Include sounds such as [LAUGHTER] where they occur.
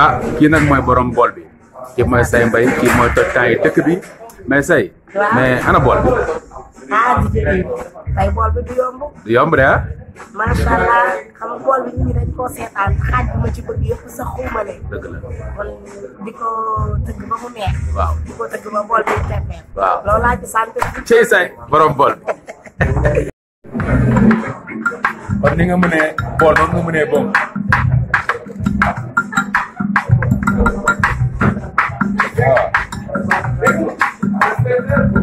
ah kii nag mooy borom bool bi kii mooy say mbay kii mooy toj temps yi dëkk bi mais say mais ana bool bi ah bool bi du yomb de ah allah xam bool bi nit ñi dañ koo seetaan xaaj bi ma ci bëgg yëpp sax xuumale dëgg la di ko tëgg ba mu neex waaw di ko tëgg ba bool bi teppee waaw ci say borom bool bi [LAUGHS] kon ni nga mënee bool noonu nga mënee boobu waaw